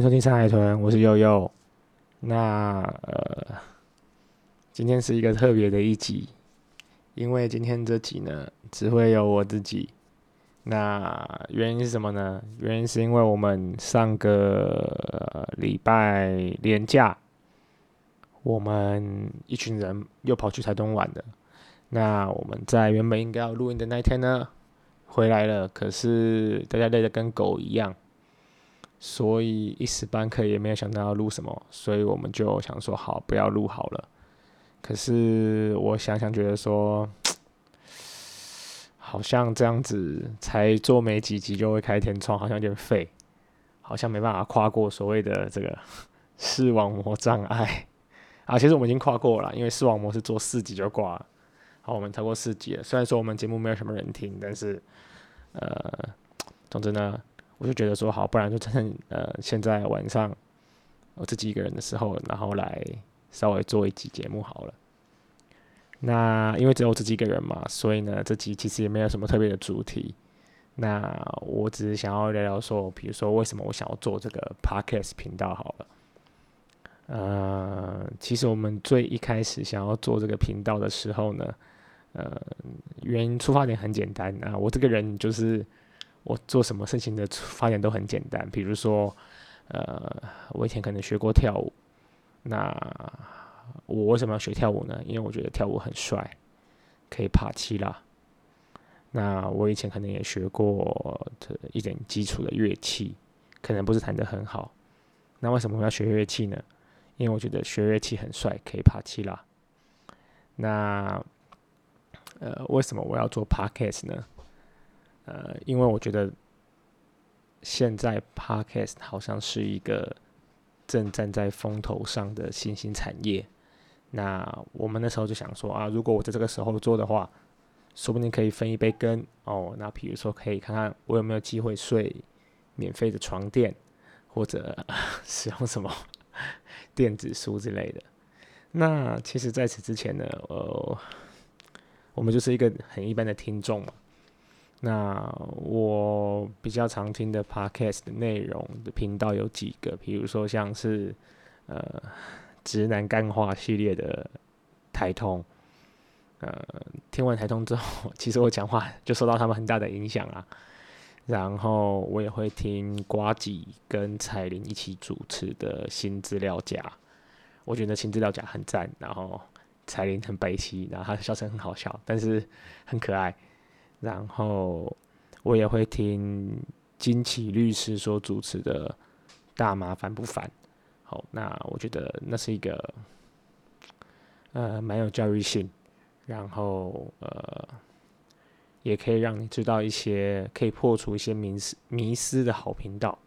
歡迎收聽《上海豚》，我是悠悠。那呃，今天是一個特別的一集，因為今天這集呢，只會有我自己。那原因是什麼呢？原因是因為我們上個禮拜連假，我們一群人又跑去台東玩了。那我們在原本應該要錄音的那一天呢，回來了，可是大家累得跟狗一樣。所以一時半刻也沒有想到要錄什麼，所以我們就想說好不要錄好了。可是我想想覺得說，好像這樣子才做沒幾集就會開天窗，好像有點廢，好像沒辦法跨過所謂的這個視網膜障礙啊。其實我們已經跨過了，因為視網膜是做四集就掛了。好，我們超過四集了。雖然說我們節目沒有什麼人聽，但是呃，總之呢。我就覺得說好，不然就趁呃，現在晚上我自己一個人的時候，然後來稍微做一集節目好了。那因為只有我自己一人嘛，所以呢這集其實也沒有什麼特別的主題。那我只是想要聊聊說，比如說為什麼我想要做這個 Podcast 頻道好了。呃，其實我們最一開始想要做這個頻道的時候呢，呃，原因出發點很簡單啊，我這個人就是。我做什麼事情的出發點都很簡單，比如說，呃，我以前可能學過跳舞。那我為什麼要學跳舞呢？因為我覺得跳舞很帥，可以 party 啦。那我以前可能也學過一點基礎的樂器，可能不是彈得很好。那為什麼我要學樂器呢？因為我覺得學樂器很帥，可以 party 啦。那呃，為什麼我要做 podcast 呢？呃，因為我覺得現在 Podcast 好像是一個正站在風頭上的新興產業，那我們那時候就想說啊，如果我在這個時候做的話，說不定可以分一杯羹哦。那比如說，可以看看我有沒有機會睡免費的床墊，或者使用什麼電子書之類的。那其實，在此之前呢，呃，我們就是一個很一般的聽眾嘛。那我比較常聽的 podcast 的內容的頻道有幾個，比如說像是呃直男幹話系列的台通，呃聽完台通之後，其實我講話就受到他們很大的影響啊。然後我也會聽呱吉跟彩玲一起主持的新資料夾，我覺得新資料夾很讚，然後彩玲很白皙，然後他笑聲很好笑，但是很可愛。然後我也會聽金奇律師所主持的《大麻煩不煩》哦，好，那我覺得那是一個呃蠻有教育性，然後呃也可以讓你知道一些可以破除一些迷思、迷思的好頻道。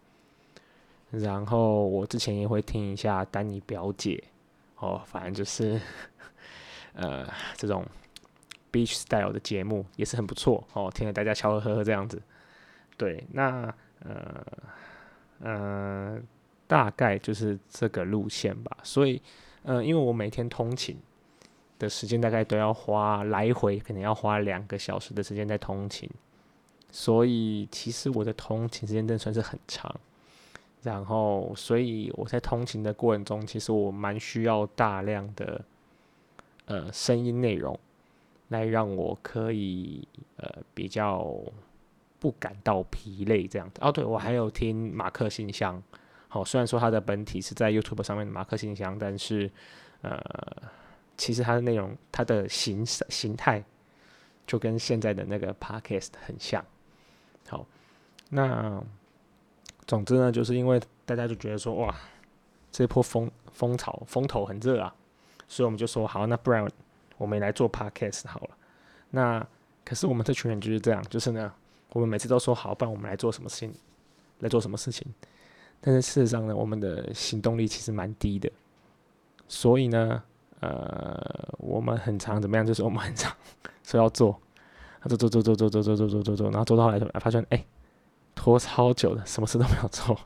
然後我之前也會聽一下三尼巴掌，哦，反正就是呵呵呃這種。Beach Style 的節目也是很不錯哦，聽着大家笑呵呵這樣子。對，那呃呃，大概就是這個路線吧。所以，呃，因為我每天通勤的時間大概都要花來回，可能要花兩個小時的時間在通勤，所以其實我的通勤時間真的算是很長。然後，所以我在通勤的過程中，其實我蠻需要大量的呃聲音內容。來讓我可以呃比較不感到疲累，這樣子哦，對，我還有聽馬克信箱。好，雖然說它的本體是在 YouTube 上面的馬克信箱，但是呃，其實它的內容、它的形形態就跟現在的那個 Podcast 很像。好，那總之呢，就是因為大家就覺得說哇，這波風風潮風頭很熱啊，所以我們就說好，那不然。我們也來做 podcast 好了，那可是我們這群人就是這樣，就是呢，我們每次都說好，不然我們來做什麼事情，來做什麼事情，但是事實上呢，我們的行動力其實蠻低的，所以呢，呃，我們很常怎麼樣？就是我們很常說要做，做做做做做做做做做做，然後做到後來就發現，哎，拖超久了，什麼事都沒有做，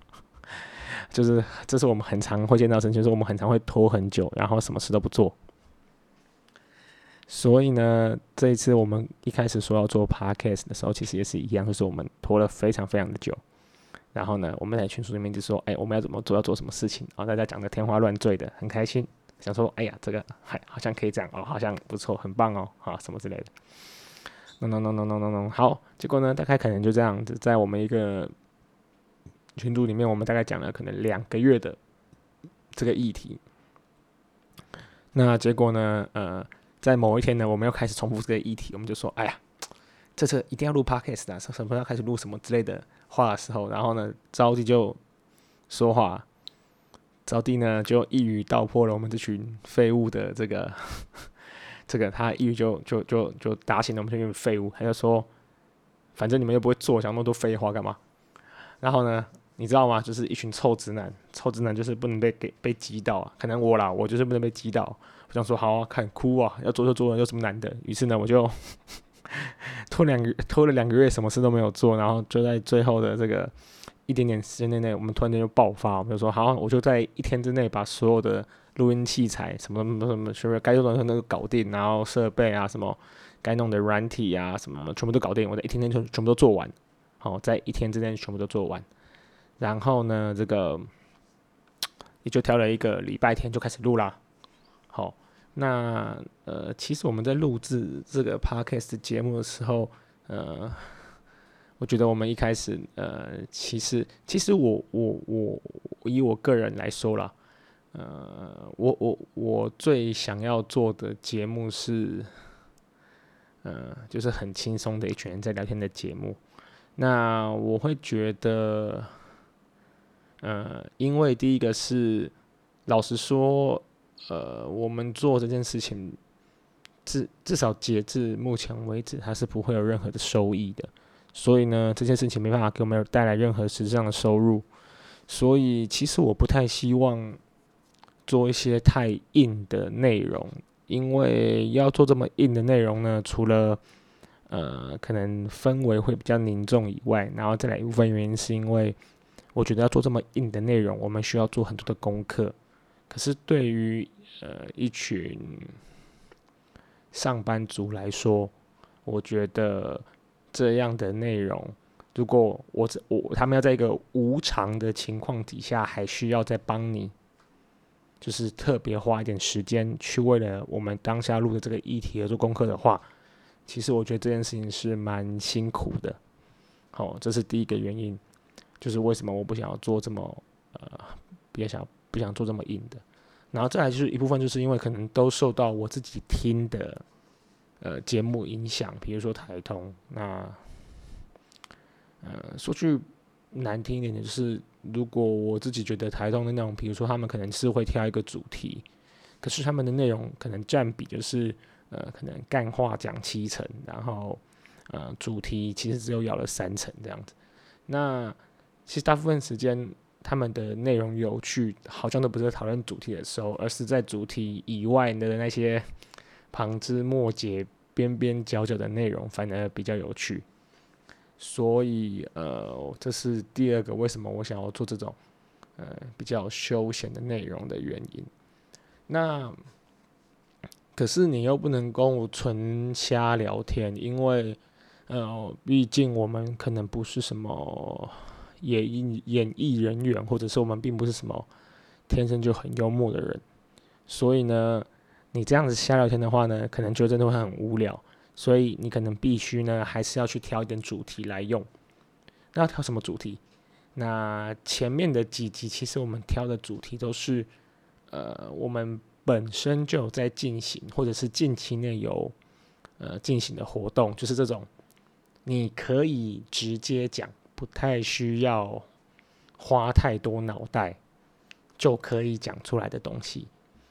就是這是我們很常會見到的事情，就是我們很常會拖很久，然後什麼事都不做。所以呢，這一次我們一開始說要做 podcast 的時候，其實也是一樣，就是我們拖了非常非常的久。然後呢，我們在群組裡面就說：“哎，我們要怎麼做？要做什麼事情？”然、哦、後大家講得天花亂墜的，很開心，想說：“哎呀，這個還好像可以這樣哦，好像不錯，很棒哦，好、啊、什麼之類的。No, ” nonononononon，no, no. 好，結果呢，大概可能就這樣子，在我們一個群組裡面，我們大概講了可能兩個月的這個議題。那結果呢，呃。在某一天呢，我們又開始重複這個議題，我們就說：“哎呀，這次一定要錄 Podcast 啊，什麼要開始錄什麼之類的話的時候，然後呢，招娣就說話，招娣呢就一語道破了我們這群廢物的這個呵呵這個，他一語就就就就打醒了我們這群廢物，他就說：反正你們又不會做，想那麼多廢話幹嘛？然後呢，你知道嗎？就是一群臭直男，臭直男就是不能被給被擊倒啊，可能我啦，我就是不能被擊倒。”我想說好好，啊、看，哭啊！要做就做，有什麼難的？於是呢，我就呵呵拖兩個，拖了兩個月，什麼事都沒有做。然後就在最後的這個一點點時間內內，我們突然間就爆發。我們就說好，我就在一天之內把所有的錄音器材什麼什麼什麼是不是該做的東西都搞定，然後設備啊什麼該弄的軟體啊什麼全部都搞定。我在一天之內就全部都做完，好，哦，在一天之內全部都做完。然後呢，這個也就挑了一個禮拜天就開始錄啦。好，那呃，其實我們在錄製這個 podcast 節目的時候，呃，我覺得我們一開始，呃，其實，其實我我我以我個人來說啦，呃，我我我最想要做的節目是，呃，就是很輕鬆的一群人在聊天的節目。那我會覺得，呃，因為第一個是，老實說。呃，我們做這件事情，至至少截至目前為止，它是不會有任何的收益的。所以呢，這件事情沒辦法給我們帶來任何實質上的收入。所以，其實我不太希望做一些太硬的內容，因為要做這麼硬的內容呢，除了呃，可能氛圍會比較凝重以外，然後再來一部分原因是因為，我覺得要做這麼硬的內容，我們需要做很多的功課。可是對於呃一群上班族來說，我覺得這樣的內容，如果我我他們要在一個無償的情況底下，還需要再幫你，就是特別花一點時間去為了我們當下錄的這個議題而做功課的話，其實我覺得這件事情是蠻辛苦的。好、哦，這是第一個原因，就是為什麼我不想要做這麼呃，別想。不想做這麼硬的。然後再來就是一部分，就是因為可能都受到我自己聽的呃節目影響，比如說台通，那呃說句難聽一點的，就是如果我自己覺得台通的內容，比如說他們可能是會挑一個主題，可是他們的內容可能占比就是呃可能幹話講七成，然後呃主題其實只有咬了三成這樣子，那其實大部分時間。他們的內容有趣，好像都不是在討論主題的時候，而是在主題以外的那些旁枝末節、邊邊角角的內容反而比較有趣。所以，呃，這是第二個為什麼我想要做這種呃比較休閒的內容的原因。那可是你又不能跟我純瞎聊天，因為，呃，畢竟我們可能不是什麼。演演藝人員，或者是我們並不是什麼天生就很幽默的人，所以呢，你這樣子瞎聊天的話呢，可能就真的會很無聊。所以你可能必須呢，還是要去挑一點主題來用。那要挑什麼主題？那前面的幾集其實我們挑的主題都是，呃，我們本身就有在進行，或者是近期內有呃進行的活動，就是這種，你可以直接講。不太需要花太多腦袋就可以講出來的東西，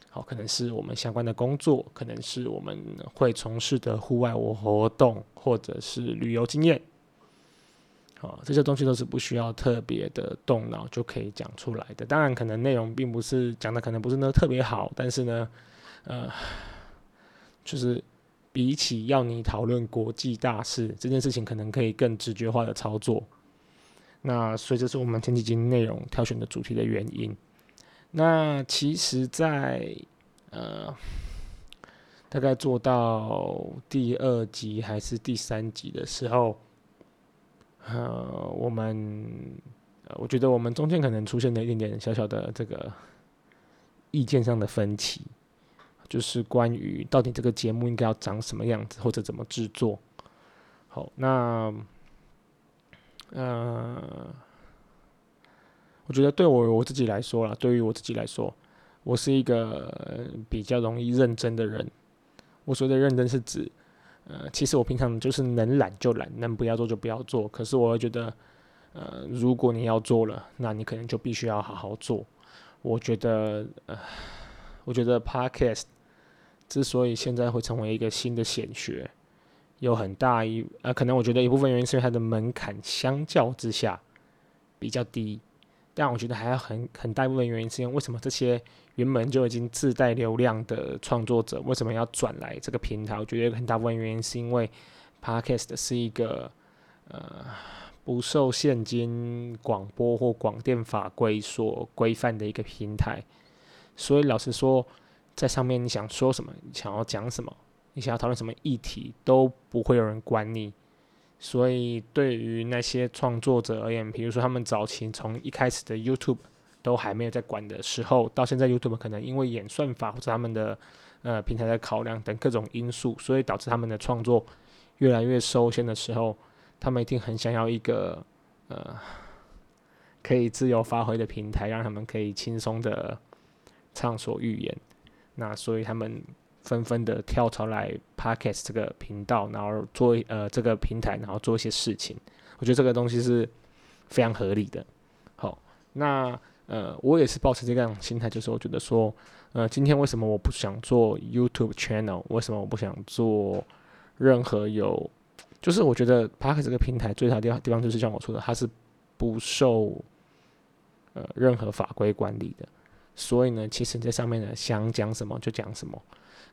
好，可能是我們相關的工作，可能是我們會從事的戶外活動，或者是旅遊經驗，好，這些東西都是不需要特別的動腦就可以講出來的。當然，可能內容並不是講的，可能不是那特別好，但是呢，呃，就是比起要你討論國際大事這件事情，可能可以更直覺化的操作。那所以這是我們前幾集內容挑選的主題的原因。那其實在，在呃大概做到第二集還是第三集的時候，呃，我們我覺得我們中間可能出現了一點點小小的這個意見上的分歧，就是關於到底這個節目應該要長什麼樣子，或者怎麼製作。好，那。呃，uh, 我覺得對我我自己來說啦，對於我自己來說，我是一個，呃，比較容易認真的人。我說的認真是指，呃，其實我平常就是能懶就懶，能不要做就不要做。可是我又覺得，呃，如果你要做了，那你可能就必須要好好做。我覺得，呃，我覺得 Podcast 之所以現在會成為一個新的顯學。有很大一呃，可能我覺得一部分原因是因為它的門檻相較之下比較低，但我覺得還要很很大一部分原因是因為為什麼這些原本就已經自帶流量的創作者為什麼要轉來這個平台？我覺得很大部分原因是因為 Podcast 是一個呃不受現今廣播或廣電法規所規範的一個平台，所以老實說，在上面你想說什麼，你想要講什麼。你想要討論什麼議題都不會有人管你，所以對於那些創作者而言，比如說他們早期從一開始的 YouTube 都還沒有在管的時候，到現在 YouTube 可能因為演算法或者他們的呃平台的考量等各種因素，所以導致他們的創作越來越受限的時候，他們一定很想要一個呃可以自由發揮的平台，讓他們可以輕鬆的暢所欲言。那所以他們。紛紛的跳槽來 Podcast 這個頻道，然後做呃這個平台，然後做一些事情。我覺得這個東西是非常合理的。好，那呃，我也是抱持這樣心態，就是我覺得說，呃，今天為什麼我不想做 YouTube channel？為什麼我不想做任何有？就是我覺得 Podcast 這個平台最大的地方，地方就是像我說的，它是不受呃任何法規管理的。所以呢，其實在上面呢，想講什麼就講什麼。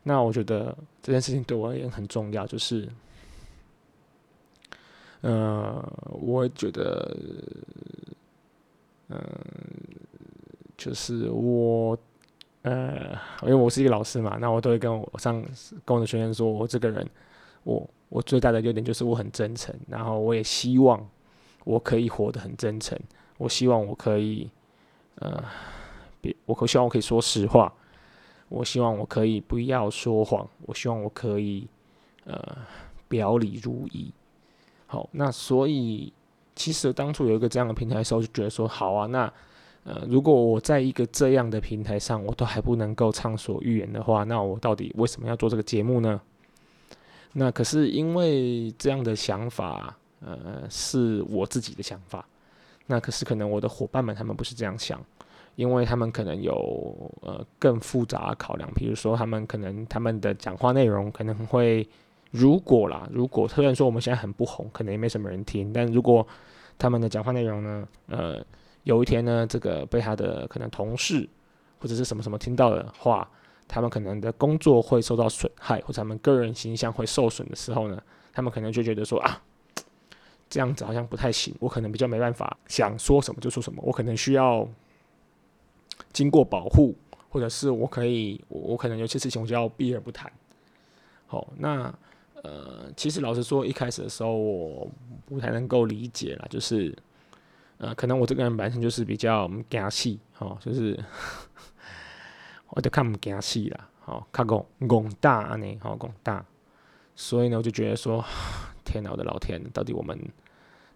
那我覺得這件事情對我也很重要，就是，呃，我覺得，嗯、呃，就是我，呃，因為我是一個老師嘛，那我都會跟我上跟我的學生說，我這個人，我我最大的優點就是我很真誠，然後我也希望我可以活得很真誠，我希望我可以，呃。我可希望我可以說實話，我希望我可以不要說謊，我希望我可以呃表裡如一。好，那所以其實當初有一個這樣的平台的時候，就覺得說好啊，那呃如果我在一個這樣的平台上，我都還不能夠暢所欲言的話，那我到底為什麼要做這個節目呢？那可是因為這樣的想法，呃是我自己的想法，那可是可能我的夥伴們他們不是這樣想。因為他們可能有呃更複雜的考量，比如說他們可能他們的講話內容可能會如果啦，如果雖然說我們現在很不紅，可能也沒什麼人聽，但如果他們的講話內容呢，呃有一天呢，這個被他的可能同事或者是什麼什麼聽到的話，他們可能的工作會受到損害，或者他們個人形象會受損的時候呢，他們可能就覺得說啊，這樣子好像不太行，我可能比較沒辦法想說什麼就說什麼，我可能需要。經過保護，或者是我可以，我我可能有些事情我就要避而不談。好、哦，那呃，其實老實說，一開始的時候我不太能夠理解啦，就是呃，可能我這個人本身就是比較驚細，好、哦，就是 我就看不驚細啦，好、哦，看戇戇大安尼，好、哦，戇大，所以呢，我就覺得說，天吶，我的老天，到底我們，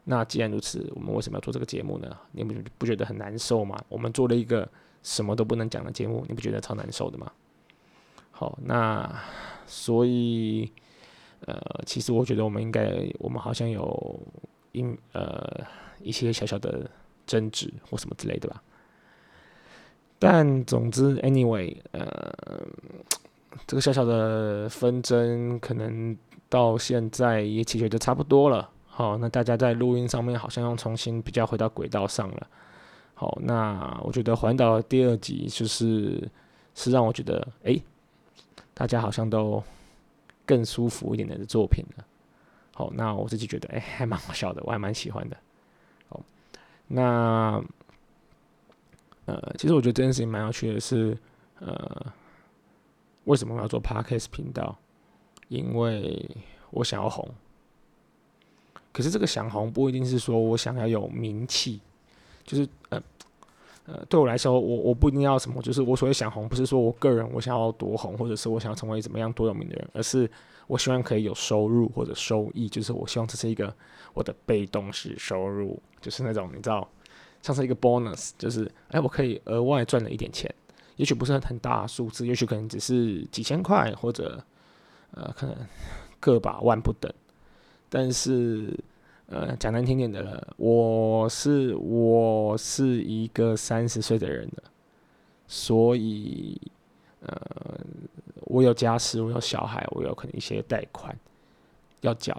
那既然如此，我們為什麼要做這個節目呢？你不不覺得很難受嗎？我們做了一個。什麼都不能講的節目，你不覺得超難受的嗎？好，那所以，呃，其實我覺得我們應該，我們好像有，一、嗯、呃一些小小的爭執或什麼之類的吧。但總之，anyway，呃，這個小小的紛爭可能到現在也解決的差不多了。好，那大家在錄音上面好像又重新比較回到軌道上了。好，那我覺得《環島》第二集就是是讓我覺得，哎、欸，大家好像都更舒服一點的作品了。好，那我自己覺得，哎、欸，還蠻好笑的，我還蠻喜歡的。好，那呃，其實我覺得這件事情蠻有趣的是，呃，為什麼我要做 Podcast 頻道？因為我想要紅。可是這個想紅，不一定是說我想要有名氣。就是呃呃，對我來說，我我不一定要什麼，就是我所謂想紅，不是說我個人我想要多紅，或者是我想要成為怎麼樣多有名的人，而是我希望可以有收入或者收益，就是我希望這是一個我的被動式收入，就是那種你知道像是一個 bonus，就是哎我可以額外賺了一點錢，也許不是很，很大數字，也許可能只是幾千塊或者呃可能個把萬不等，但是。呃，講、嗯、難聽點的了，我是我是一個三十歲的人了，所以呃、嗯，我有家室，我有小孩，我有可能一些貸款要繳，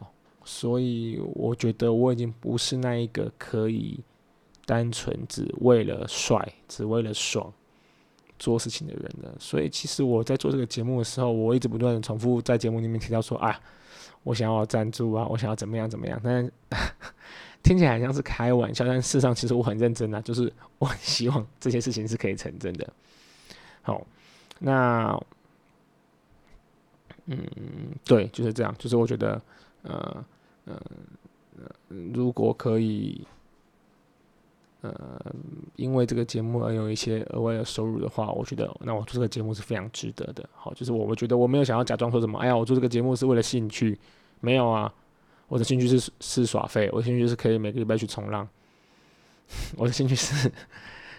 所以我覺得我已經不是那一個可以單純只為了帥、只為了爽做事情的人了。所以其實我在做這個節目的時候，我一直不斷重複在節目裡面提到說，啊。我想要贊助啊，我想要怎麼樣怎麼樣？但是聽起來好像是開玩笑，但事實上其實我很認真啊，就是我很希望這些事情是可以成真的。好，那嗯，對，就是這樣，就是我覺得，呃，嗯、呃，如果可以。呃、嗯，因為這個節目而有一些額外的收入的話，我覺得那我做這個節目是非常值得的。好，就是我我覺得我沒有想要假裝說什麼，哎呀，我做這個節目是為了興趣，沒有啊，我的興趣是是耍廢，我的興趣是可以每個禮拜去衝浪，我的興趣是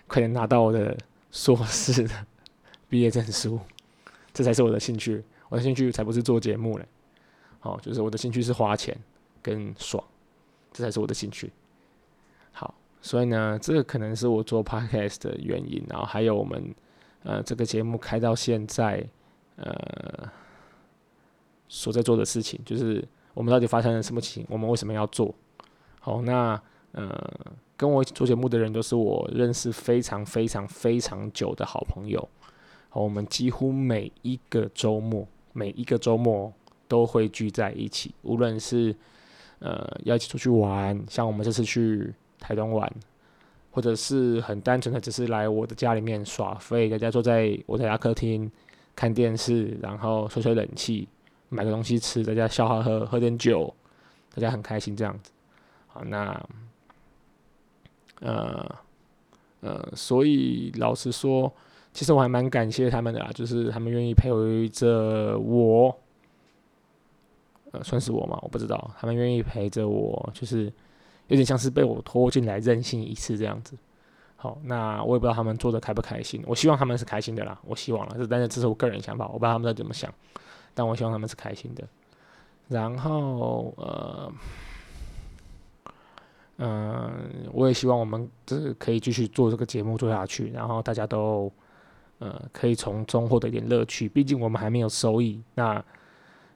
快點拿到我的碩士的畢業證書，這才是我的興趣，我的興趣才不是做節目嘞。好，就是我的興趣是花錢跟爽，這才是我的興趣。好。所以呢，這個可能是我做 podcast 的原因，然後還有我們呃這個節目開到現在呃所在做的事情，就是我們到底發生了什麼事情？我們為什麼要做？好，那呃跟我一起做節目的人都是我認識非常非常非常久的好朋友。好，我們幾乎每一個周末，每一個周末都會聚在一起，無論是呃要一起出去玩，像我們這次去。台東玩，或者是很單純的，只是來我的家裡面耍廢，大家坐在我的家客廳看電視，然後吹吹冷氣，買個東西吃，大家笑哈哈，喝點酒，大家很開心這樣子。好，那呃呃，所以老實說，其實我還蠻感謝他們的啦，就是他們願意陪着我，呃，算是我嗎？我不知道，他們願意陪着我，就是。有點像是被我拖進來任性一次這樣子，好，那我也不知道他們做得開不開心，我希望他們是開心的啦，我希望了，這但是這是我個人想法，我不知道他們在怎麼想，但我希望他們是開心的。然後呃，嗯、呃，我也希望我們這可以繼續做這個節目做下去，然後大家都呃可以從中獲得一點樂趣，畢竟我們還沒有收益，那、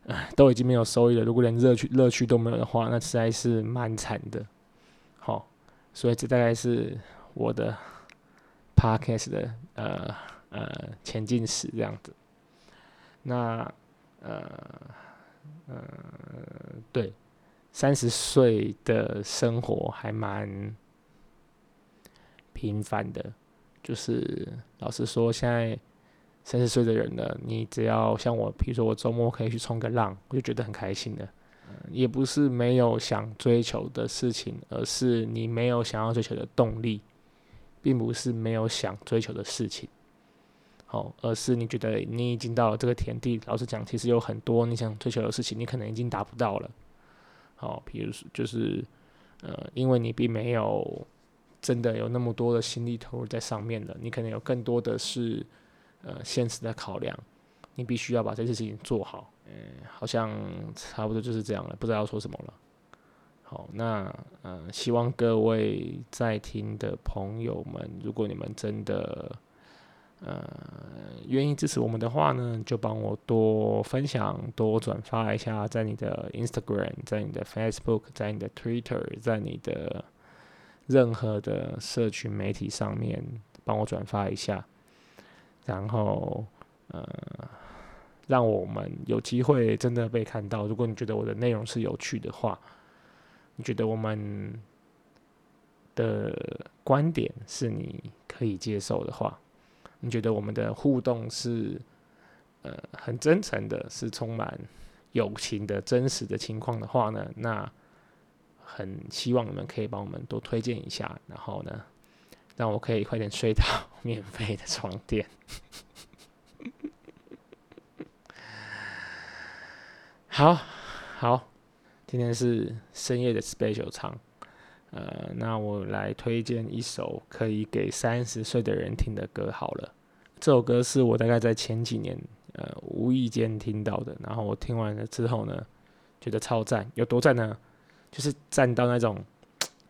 呃、都已經沒有收益了，如果連樂趣樂趣都沒有的話，那實在是蠻慘的。所以這大概是我的 podcast 的呃呃前進史這樣子。那呃呃對，三十歲的生活還蠻平凡的，就是老實說，現在三十歲的人呢，你只要像我，比如說我周末可以去衝個浪，我就覺得很開心的。也不是沒有想追求的事情，而是你沒有想要追求的動力，並不是沒有想追求的事情，好，而是你覺得你已經到了這個田地。老實講，其實有很多你想追求的事情，你可能已經達不到了。好，比如就是，呃，因為你並沒有真的有那麼多的心力投入在上面了，你可能有更多的是，呃，現實的考量，你必須要把這件事情做好。嗯，好像差不多就是這樣了，不知道要說什麼了。好，那呃，希望各位在聽的朋友們，如果你們真的呃願意支持我們的話呢，就幫我多分享、多轉發一下，在你的 Instagram、在你的 Facebook、在你的 Twitter、在你的任何的社群媒體上面，幫我轉發一下。然後，呃。讓我們有機會真的被看到。如果你覺得我的內容是有趣的話，你覺得我們的觀點是你可以接受的話，你覺得我們的互動是呃很真誠的，是充滿友情的真實的情況的話呢，那很希望你們可以幫我們多推薦一下，然後呢，讓我可以快點睡到免費的床墊。好好，今天是深夜的 special 唱，呃，那我來推薦一首可以給三十歲的人聽的歌好了。這首歌是我大概在前幾年，呃，無意間聽到的。然後我聽完了之後呢，覺得超讚。有多讚呢？就是讚到那種，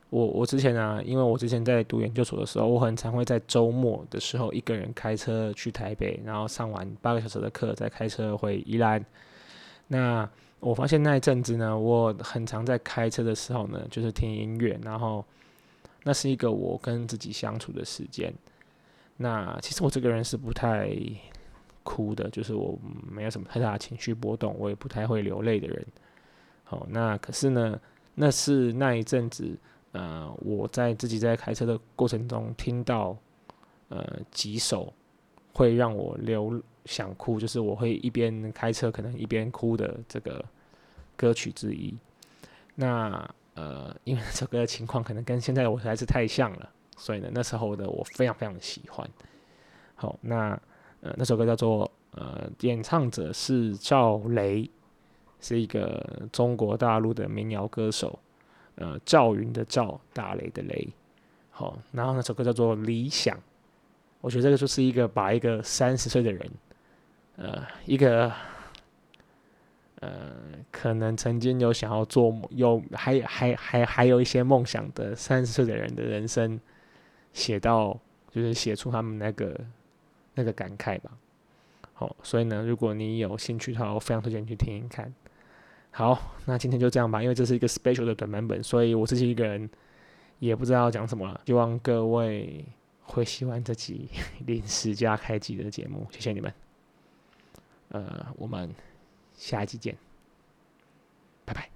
我我之前啊，因為我之前在讀研究所的時候，我很常會在週末的時候一個人開車去台北，然後上完八個小時的課，再開車回宜蘭。那我發現那一陣子呢，我很常在開車的時候呢，就是聽音樂，然後那是一個我跟自己相處的時間。那其實我這個人是不太哭的，就是我沒有什麼太大的情緒波動，我也不太會流淚的人。好，那可是呢，那是那一陣子，呃，我在自己在開車的過程中聽到呃幾首會讓我流。想哭，就是我會一邊開車，可能一邊哭的這個歌曲之一。那呃，因為這首歌的情況可能跟現在的我實在是太像了，所以呢，那時候的我非常非常喜歡。好，那呃，那首歌叫做呃，演唱者是趙雷，是一個中國大陸的民謠歌手。呃，趙雲的趙，大雷的雷。好，然後那首歌叫做《理想》，我覺得這個就是一個把一個三十歲的人。呃，一個呃，可能曾經有想要做有還還還還有一些夢想的三十歲的人的人生，寫到就是寫出他們那個那個感慨吧。好，哦，所以呢，如果你有興趣的話，我非常推薦你去聽聽看。好，那今天就這樣吧，因為這是一個 special 的短版本，所以我自己一個人也不知道要講什麼了。希望各位會喜歡這集臨時加開集的節目，謝謝你們。呃，我們下期見，拜拜。